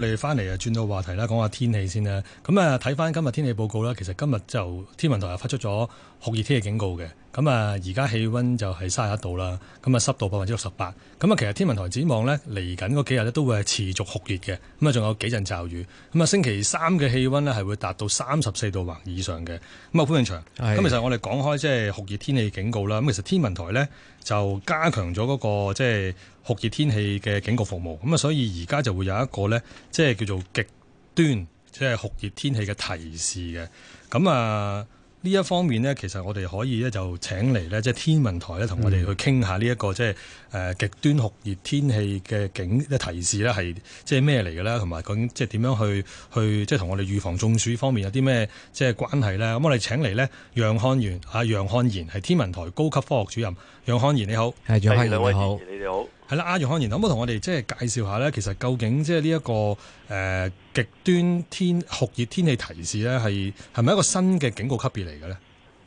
我哋翻嚟啊，轉到話題啦，講下天氣先啦。咁啊，睇翻今日天氣報告啦。其實今日就天文台又發出咗酷熱天氣警告嘅。咁啊，而家氣温就係三十一度啦，咁啊濕度百分之六十八。咁啊，其實天文台展望咧，嚟緊嗰幾日咧都會係持續酷熱嘅，咁啊仲有幾陣驟雨。咁啊，星期三嘅氣温咧係會達到三十四度或以上嘅。咁啊的，潘永祥，咁、嗯、其實我哋講開即係酷熱天氣警告啦。咁其實天文台咧就加強咗嗰個即係酷熱天氣嘅警告服務。咁啊，所以而家就會有一個咧，即係叫做極端即係酷熱天氣嘅提示嘅。咁、嗯、啊。呢一方面呢，其實我哋可以咧就請嚟呢，即係天文台咧同我哋去傾下呢一個即係誒極端酷熱天氣嘅警嘅提示咧，係即係咩嚟嘅咧，同埋究竟即係點樣去去即係同我哋預防中暑方面有啲咩即係關係咧？咁我哋請嚟呢，嗯、楊漢賢啊，楊漢賢係天文台高級科學主任，楊漢賢你好，係楊漢賢兩位好，你好。係啦，阿楊漢賢，然後可唔可以同我哋即係介紹下咧？其實究竟即係呢一個誒極、呃、端天酷熱天氣提示咧，係係咪一個新嘅警告級別嚟嘅咧？誒、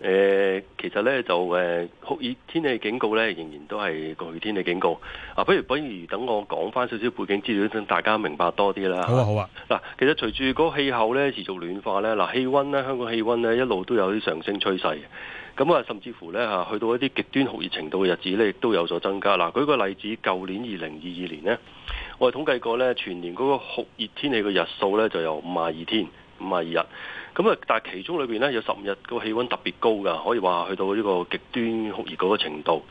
呃，其實咧就誒酷熱天氣警告咧，仍然都係酷熱天氣警告。啊，不如不如等我講翻少少背景資料，等大家明白多啲啦。好、嗯、啊，好啊吧。嗱，其實隨住個氣候咧持續暖化咧，嗱氣温咧香港氣温咧一路都有啲上升趨勢。咁啊，甚至乎咧吓去到一啲極端酷熱程度嘅日子咧，亦都有所增加。嗱，舉個例子，舊年二零二二年呢，我哋統計過咧，全年嗰個酷熱天氣嘅日數咧，就有五十二天、五十二日。咁啊，但係其中裏邊咧，有十五日個氣温特別高㗎，可以話去到呢個極端酷熱嗰個程度。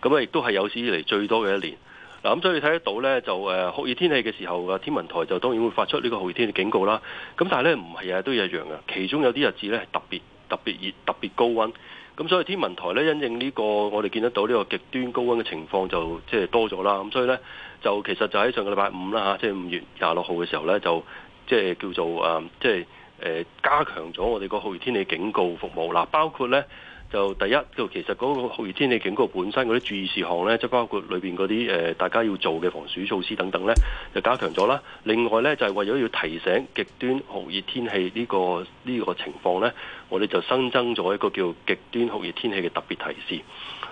咁啊，亦都係有史以嚟最多嘅一年。嗱，咁所以睇得到咧，就誒酷熱天氣嘅時候嘅天文台就當然會發出呢個酷熱天氣警告啦。咁但係咧，唔係日日都一樣嘅，其中有啲日子咧係特別特別熱、特別高温。咁所以天文台咧，因應呢個我哋見得到呢個極端高溫嘅情況，就即係多咗啦。咁所以咧，就其實就喺上個禮拜五啦，嚇，即係五月廿六號嘅時候咧，就即係叫做誒，即係誒加強咗我哋個酷熱天氣警告服務嗱，包括咧。就第一，就其實嗰個酷熱天氣警告本身嗰啲注意事項呢，即包括裏面嗰啲誒大家要做嘅防暑措施等等呢，就加強咗啦。另外呢，就係為咗要提醒極端酷熱天氣呢、這個呢、這個情況呢，我哋就新增咗一個叫極端酷熱天氣嘅特別提示。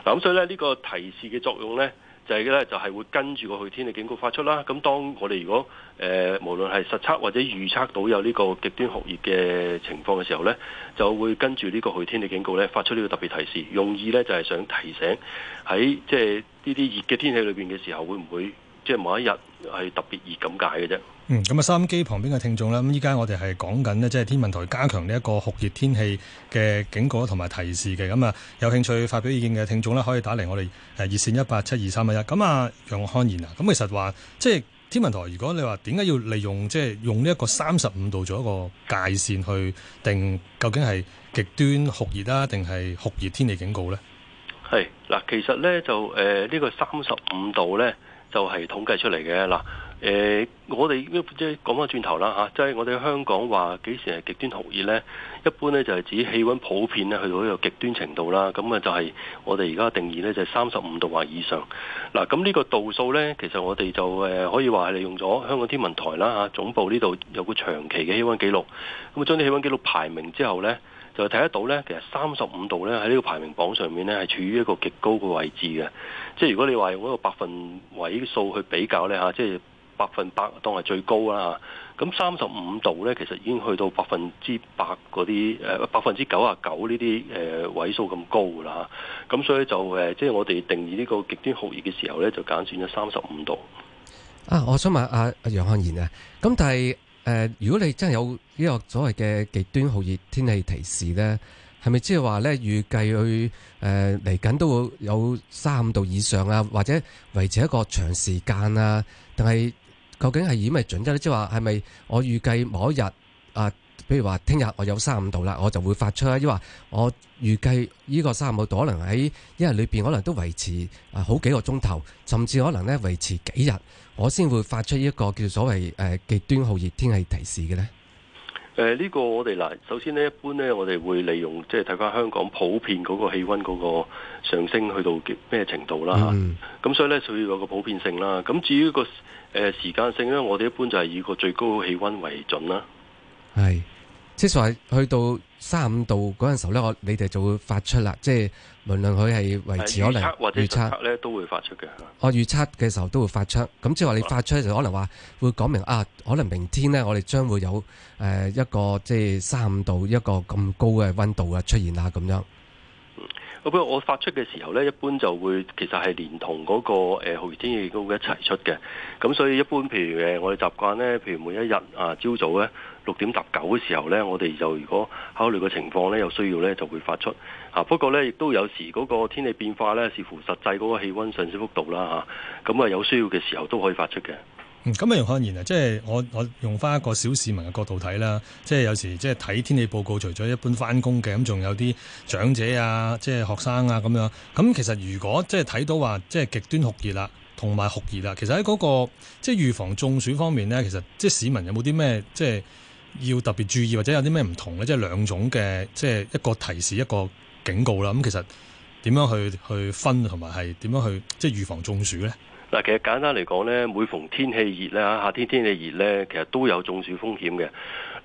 嗱，咁所以呢，呢個提示嘅作用呢。就係咧，就係會跟住個酷熱天氣警告發出啦。咁當我哋如果誒、呃、無論係實測或者預測到有呢個極端酷熱嘅情況嘅時候咧，就會跟住呢個酷熱天氣警告咧發出呢個特別提示，用意咧就係、是、想提醒喺即係呢啲熱嘅天氣裏邊嘅時候會唔會？即係某一日係特別熱咁解嘅啫。嗯，咁啊，收音機旁邊嘅聽眾呢，咁依家我哋係講緊呢，即係天文台加強呢一個酷熱天氣嘅警告同埋提示嘅。咁啊，有興趣發表意見嘅聽眾呢，可以打嚟我哋誒熱線一八七二三一一。咁啊，楊漢賢啊，咁其實話即係天文台，如果你話點解要利用即係用呢一個三十五度做一個界線去定究竟係極端酷熱啦，定係酷熱天氣警告呢？係嗱，其實呢，就誒呢個三十五度呢。就係統計出嚟嘅嗱，誒、呃，我哋即係講翻轉頭啦嚇，即係、啊就是、我哋香港話幾時係極端酷熱呢？一般呢，就係、是、指氣温普遍咧去到一個極端程度啦，咁啊就係、是、我哋而家定義呢，就係三十五度或以上。嗱，咁、這、呢個度數呢，其實我哋就誒、啊、可以話係利用咗香港天文台啦嚇、啊，總部呢度有個長期嘅氣温記錄，咁啊將啲氣温記錄排名之後呢。就睇得到咧，其實三十五度咧，喺呢個排名榜上面咧，係處於一個極高嘅位置嘅。即係如果你話用一個百分位數去比較咧嚇，即係百分百當係最高啦。咁三十五度咧，其實已經去到百分之百嗰啲誒百分之九啊九呢啲誒位數咁高啦。咁所以就誒，即係我哋定義呢個極端酷熱嘅時候咧，就揀選咗三十五度。啊，我想問阿阿楊漢賢咧，咁但係？誒、呃，如果你真係有呢個所謂嘅極端酷熱天氣提示咧，係咪即係話咧預計佢誒嚟緊都會有三十五度以上啊，或者維持一個長時間啊？定係究竟係唔係準嘅咧？即係話係咪我預計某一日啊？呃比如話聽日我有三十五度啦，我就會發出，因話我預計呢個三十五度可能喺一日裏邊可能都維持啊好幾個鐘頭，甚至可能咧維持幾日，我先會發出一個叫所謂誒極端酷熱天氣提示嘅呢。誒、呃，呢、這個我哋嗱，首先呢，一般咧，我哋會利用即係睇翻，香港普遍嗰個氣溫嗰個上升去到幾咩程度啦。咁、嗯、所以咧，需要有個普遍性啦。咁至於個誒時間性咧，我哋一般就係以個最高氣溫為準啦。係，即係話去到三十五度嗰陣時候咧，我你哋就會發出啦。即係無論佢係維持可能預測咧，啊、都會發出嘅。我預測嘅時候都會發出。咁即係話你發出就吧可能話會講明啊，可能明天咧我哋將會有誒、呃、一個即係三十五度一個咁高嘅溫度啊出現啊咁樣。不過我發出嘅時候咧，一般就會其實係連同嗰個誒酷熱天氣報告一齊出嘅。咁所以一般譬如誒，我哋習慣咧，譬如每一日啊，朝早咧六點搭九嘅時候咧，我哋就如果考慮個情況咧，有需要咧就會發出。啊，不過咧亦都有時嗰個天氣變化咧，視乎實際嗰個氣温上升幅度啦嚇。咁啊，有需要嘅時候都可以發出嘅。咁啊，楊漢賢啊，即係我我用翻一個小市民嘅角度睇啦，即係有時即係睇天氣報告，除咗一般翻工嘅咁，仲有啲長者啊，即係學生啊咁樣。咁其實如果即係睇到話，即係極端酷熱啦，同埋酷熱啦，其實喺嗰個即係預防中暑方面呢，其實即係市民有冇啲咩即係要特別注意，或者有啲咩唔同呢？即係兩種嘅即係一個提示，一個警告啦。咁其實點樣去去分，同埋係點樣去即係預防中暑呢？嗱，其實簡單嚟講咧，每逢天氣熱咧，夏天天氣熱咧，其實都有中暑風險嘅。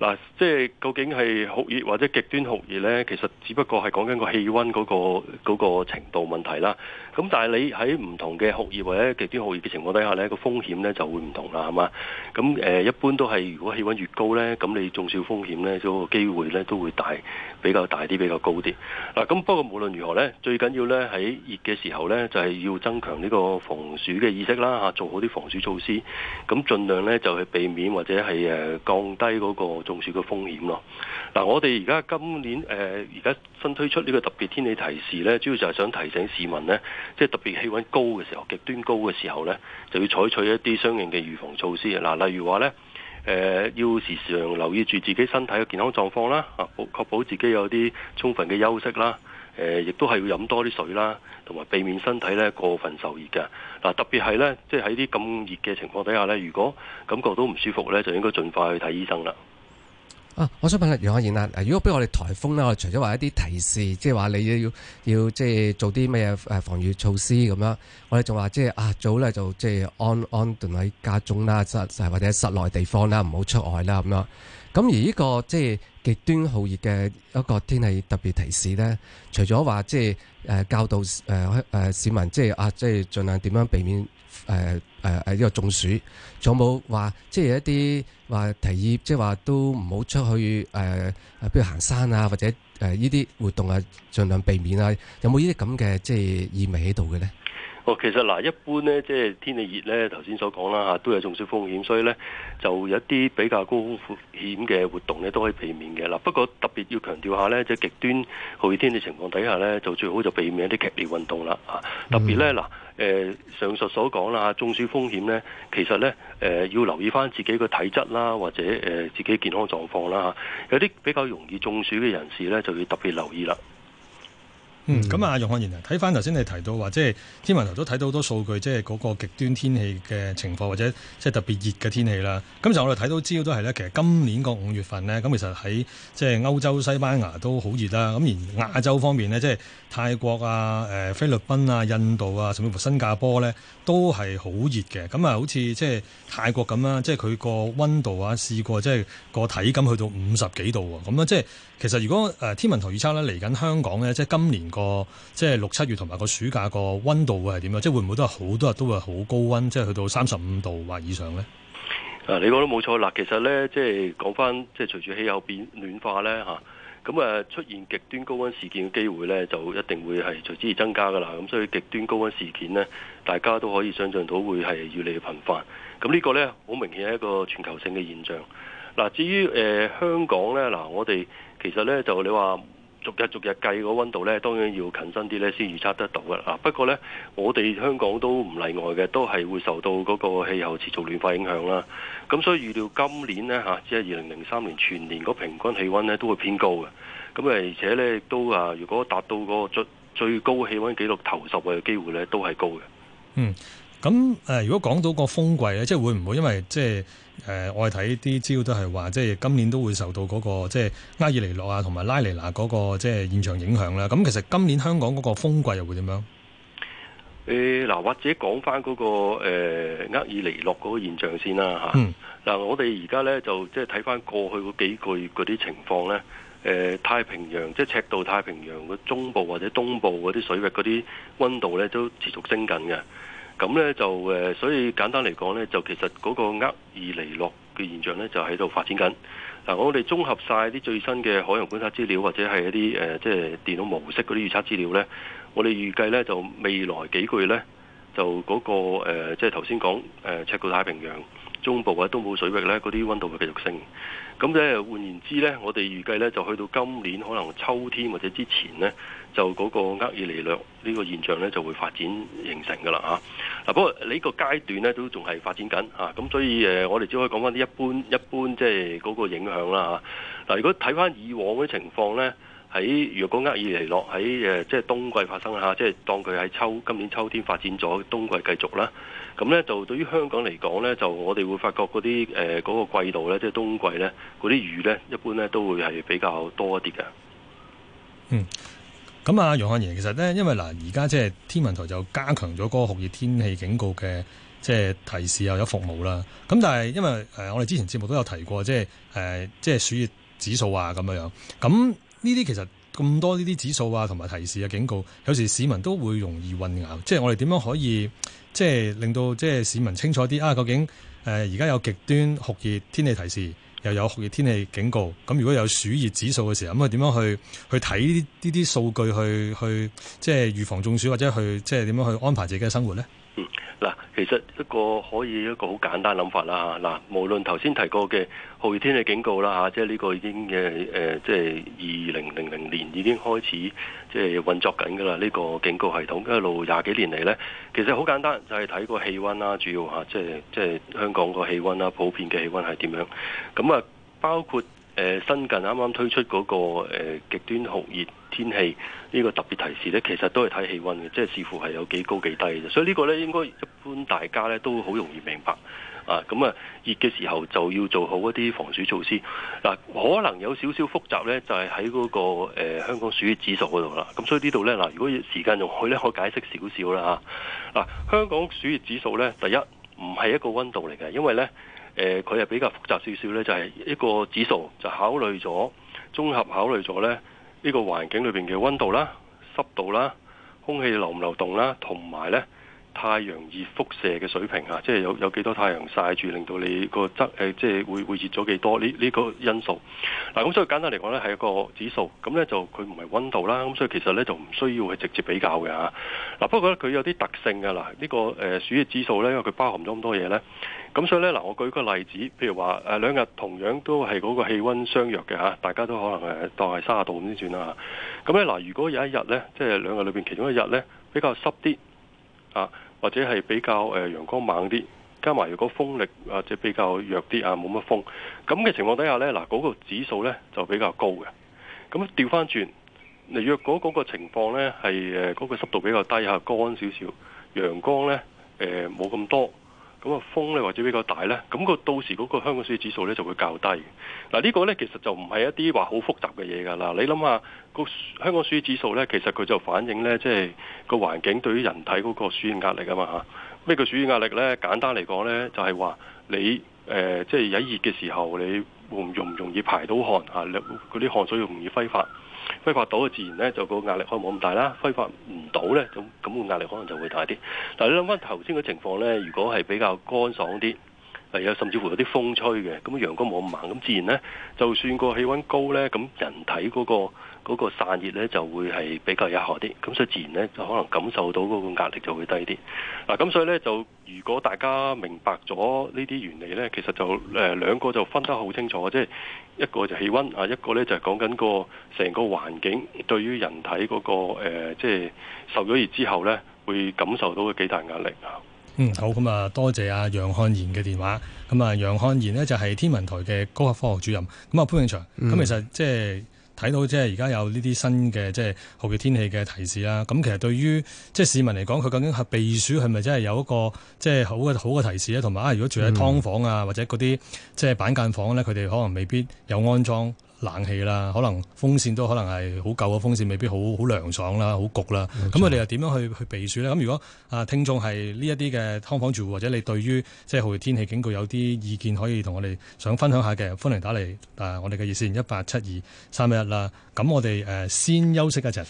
嗱，即係究竟係酷熱或者極端酷熱呢？其實只不過係講緊個氣温嗰個程度問題啦。咁但係你喺唔同嘅酷熱或者極端酷熱嘅情況底下呢，個風險呢就會唔同啦，係嘛？咁誒，一般都係如果氣温越高呢，咁你中暑風險咧，都、嗰個、機會呢都會大比較大啲，比較高啲。嗱，咁不過無論如何呢，最緊要呢喺熱嘅時候呢，就係要增強呢個防暑嘅意識啦，嚇做好啲防暑措施，咁盡量呢就去避免或者係誒降低嗰、嗰個。中暑嘅風險咯。嗱、啊，我哋而家今年誒，而家新推出呢個特別天氣提示呢，主要就係想提醒市民呢，即係特別氣温高嘅時候，極端高嘅時候呢，就要採取一啲相應嘅預防措施。嗱、啊，例如話呢，誒、呃、要時常留意住自己身體嘅健康狀況啦，啊，確保自己有啲充分嘅休息啦，誒、啊，亦都係要飲多啲水啦，同埋避免身體呢過分受熱嘅。嗱、啊，特別係呢，即係喺啲咁熱嘅情況底下呢，如果感覺到唔舒服呢，就應該盡快去睇醫生啦。啊！我想問下楊漢賢啦，如果俾我哋台風咧，我哋除咗話一啲提示，即係話你要要要即係做啲咩嘢防御措施咁樣，我哋仲話即係啊早咧就即係安安頓喺家中啦，或者室內地方啦，唔好出外啦咁樣。咁而呢、這個即係、就是、極端酷熱嘅一個天氣特別提示呢，除咗話即係誒教導誒誒、呃呃、市民即、就、係、是、啊即係、就是、盡量點樣避免。誒誒誒，呢個、呃呃呃、中暑，仲有冇話即係一啲話提議，即係話都唔好出去誒，比、呃、如行山啊，或者誒呢啲活動啊，儘量避免啊，有冇呢啲咁嘅即係意味喺度嘅咧？哦，其實嗱，一般咧，即係天氣熱咧，頭先所講啦嚇，都有中暑風險，所以咧就有一啲比較高風險嘅活動咧都可以避免嘅。嗱，不過特別要強調下咧，即係極端酷熱天氣情況底下咧，就最好就避免一啲劇烈運動啦嚇。特別咧嗱。嗯。誒、呃、上述所講啦，中暑風險呢，其實呢，誒、呃、要留意翻自己嘅體質啦，或者誒、呃、自己健康狀況啦，有啲比較容易中暑嘅人士呢，就要特別留意啦。嗯，咁啊、嗯，楊漢賢啊，睇翻頭先你提到話，即係天文台都睇到好多數據，即係嗰個極端天氣嘅情況，或者即係特別熱嘅天氣啦。咁就我哋睇到資料都係呢，其實今年個五月份呢，咁其實喺即係歐洲西班牙都好熱啦。咁而亞洲方面呢，即係，泰國啊、誒菲律賓啊、印度啊，甚至乎新加坡咧，都係好熱嘅。咁啊，好似即係泰國咁啊，即係佢個温度啊，試過即係個體感去到五十幾度喎。咁啊，即係其實如果誒、呃、天文台預測咧，嚟緊香港咧，即係今年個即係六七月同埋個暑假個温度會係點啊？即係會唔會都係好多日都係好高温，即係去到三十五度或以上咧？誒、啊，你講得冇錯啦。其實咧，即係講翻，即係隨住氣候變暖化咧嚇。啊咁啊，出現極端高温事件嘅機會呢，就一定會係隨之而增加噶啦。咁所以極端高温事件呢，大家都可以想象到會係越嚟越頻繁。咁呢個呢，好明顯係一個全球性嘅現象。嗱，至於誒、呃、香港呢，嗱我哋其實呢，就你話。日逐日計個温度咧，當然要近身啲咧，先預測得到嘅啦。不過咧，我哋香港都唔例外嘅，都係會受到嗰個氣候持續暖化影響啦。咁所以預料今年咧嚇，即係二零零三年全年嗰平均氣温咧都會偏高嘅。咁啊，而且咧亦都啊，如果達到嗰個最最高氣温紀錄頭十位嘅機會咧，都係高嘅。嗯，咁誒，如果講到個風季咧，即係會唔會因為即係？誒、呃，我哋睇啲資料都係話，即係今年都會受到嗰個即係厄爾尼諾啊，同埋拉尼娜嗰個即係現象影響啦。咁其實今年香港嗰個風季又會點樣？誒，嗱，或者講翻嗰個、呃、厄爾尼諾嗰個現象先啦嚇。嗱、嗯呃，我哋而家咧就即係睇翻過去個幾個月嗰啲情況咧。誒、呃，太平洋即係赤道太平洋嘅中部或者東部嗰啲水域嗰啲温度咧都持續升緊嘅。咁咧就誒，所以簡單嚟講咧，就其實嗰個厄爾尼諾嘅現象咧，就喺度發展緊。嗱，我哋綜合曬啲最新嘅海洋觀察資料，或者係一啲誒即係電腦模式嗰啲預測資料咧，我哋預計咧就未來幾個月咧，就嗰個誒，即係頭先講誒赤道太平洋。中部或者東部水域咧，嗰啲溫度會繼續升。咁咧換言之咧，我哋預計咧就去到今年可能秋天或者之前咧，就嗰個厄爾尼諾呢個現象咧就會發展形成噶啦吓，嗱、啊、不過呢個階段咧都仲係發展緊嚇，咁、啊、所以誒，我哋只可以講翻啲一般一般即係嗰個影響啦吓，嗱、啊、如果睇翻以往嘅情況咧。喺如果厄爾尼諾喺誒，即係冬季發生下，即係當佢喺秋今年秋天發展咗，冬季繼續啦。咁咧就對於香港嚟講咧，就我哋會發覺嗰啲誒嗰個季度咧，即係冬季咧，嗰啲雨咧，一般咧都會係比較多一啲嘅。嗯，咁啊，楊漢賢，其實咧，因為嗱，而家即係天文台就加強咗嗰個酷熱天氣警告嘅即係提示又有服務啦。咁但係因為誒，我哋之前節目都有提過，即係誒，即係暑熱指數啊，咁樣樣咁。呢啲其實咁多呢啲指數啊，同埋提示啊、警告，有時市民都會容易混淆。即係我哋點樣可以，即係令到即係市民清楚啲啊？究竟誒而家有極端酷熱天氣提示，又有酷熱天氣警告。咁如果有暑熱指數嘅時候，咁啊點樣去去睇呢啲呢啲數據去去即係預防中暑，或者去即係點樣去安排自己嘅生活呢？嗯，嗱，其實一個可以一個好簡單諗法啦，嗱，無論頭先提過嘅酷熱天氣警告啦，吓，即係呢個已經嘅，誒，即係二零零零年已經開始即係運作緊噶啦，呢個警告系統一路廿幾年嚟，咧，其實好簡單，就係睇個氣溫啦，主要吓，即係即係香港個氣溫啦，普遍嘅氣溫係點樣，咁啊，包括。誒、呃、新近啱啱推出嗰、那個誒、呃、極端酷熱天氣呢個特別提示呢，其實都係睇氣温嘅，即係似乎係有幾高幾低嘅。所以呢個呢應該一般大家呢都好容易明白啊。咁啊，熱嘅時候就要做好一啲防暑措施。嗱、啊，可能有少少複雜呢，就係喺嗰個、呃、香港暑熱指數嗰度啦。咁所以呢度呢，嗱，如果時間許可呢，我解釋少少啦嚇。嗱、啊啊，香港暑熱指數呢，第一唔係一個温度嚟嘅，因為呢。誒佢係比較複雜少少咧，就係一個指數，就考慮咗綜合考慮咗咧呢個環境裏面嘅温度啦、濕度啦、空氣流唔流動啦，同埋咧太陽熱輻射嘅水平嚇，即係有有幾多太陽曬住，令到你個質即係會會熱咗幾多呢？呢個因素嗱，咁所以簡單嚟講咧，係一個指數，咁咧就佢唔係温度啦，咁所以其實咧就唔需要去直接比較嘅吓。嗱，不過咧，佢有啲特性㗎嗱，呢個暑熱指數咧，因為佢包含咗咁多嘢咧。咁所以咧嗱，我舉個例子，譬如話誒，兩日同樣都係嗰個氣溫相若嘅吓，大家都可能誒當係卅度先算啦。咁咧嗱，如果有一日咧，即係兩日裏邊其中一日咧比較濕啲啊，或者係比較誒陽光猛啲，加埋如果風力或者比較弱啲啊，冇乜風，咁嘅情況底下咧嗱，嗰個指數咧就比較高嘅。咁調翻轉，若果嗰個情況咧係誒嗰個濕度比較低下，乾少少，陽光咧誒冇咁多。咁啊，風咧或者比較大咧，咁、那個到時嗰個香港暑熱指數咧就會較低。嗱、啊，這個、呢個咧其實就唔係一啲話好複雜嘅嘢㗎。啦、啊、你諗下、那個、香港暑熱指數咧，其實佢就反映咧，即、就、係、是、個環境對於人體嗰個暑熱壓力啊嘛嚇。咩叫暑熱壓力咧？簡單嚟講咧，就係、是、話你即係喺熱嘅時候，你容容唔容易排到汗嗰啲、啊、汗水容易揮發。揮發到嘅自然咧就個壓力可能冇咁大啦。揮發唔到咧，咁咁個壓力可能就會大啲。但你諗翻頭先嘅情況咧，如果係比較乾爽啲，或甚至乎有啲風吹嘅，咁陽光冇咁猛，咁自然咧，就算個氣温高咧，咁人體嗰個。嗰個散熱咧就會係比較有效啲，咁所以自然咧就可能感受到嗰個壓力就會低啲。嗱，咁所以咧就如果大家明白咗呢啲原理咧，其實就誒兩個就分得好清楚，即係一個就係氣温啊，一個咧就係講緊個成個環境對於人體嗰、嗰個即係、呃就係、受咗熱之後咧會感受到嘅幾大壓力啊。嗯，好，咁、嗯、啊，多謝阿楊漢賢嘅電話。咁、嗯、啊，楊漢賢呢就係天文台嘅高級科學主任。咁、嗯、啊，潘永祥，咁其實即係。睇到即係而家有呢啲新嘅即係酷熱天氣嘅提示啦，咁其實對於即係市民嚟講，佢究竟係避暑係咪真係有一個即係好嘅好嘅提示咧？同埋啊，如果住喺劏房啊或者嗰啲即係板間房咧，佢哋、嗯、可能未必有安裝。冷氣啦，可能風扇都可能係好舊嘅風扇，未必好好涼爽啦，好焗啦。咁錯我哋又點樣去去避暑呢？咁如果啊，聽眾係呢一啲嘅劏房住戶，或者你對於即係酷熱天氣警告有啲意見，可以同我哋想分享下嘅，歡迎打嚟啊！我哋嘅熱線一八七二三一一啦。咁我哋誒先休息一陣。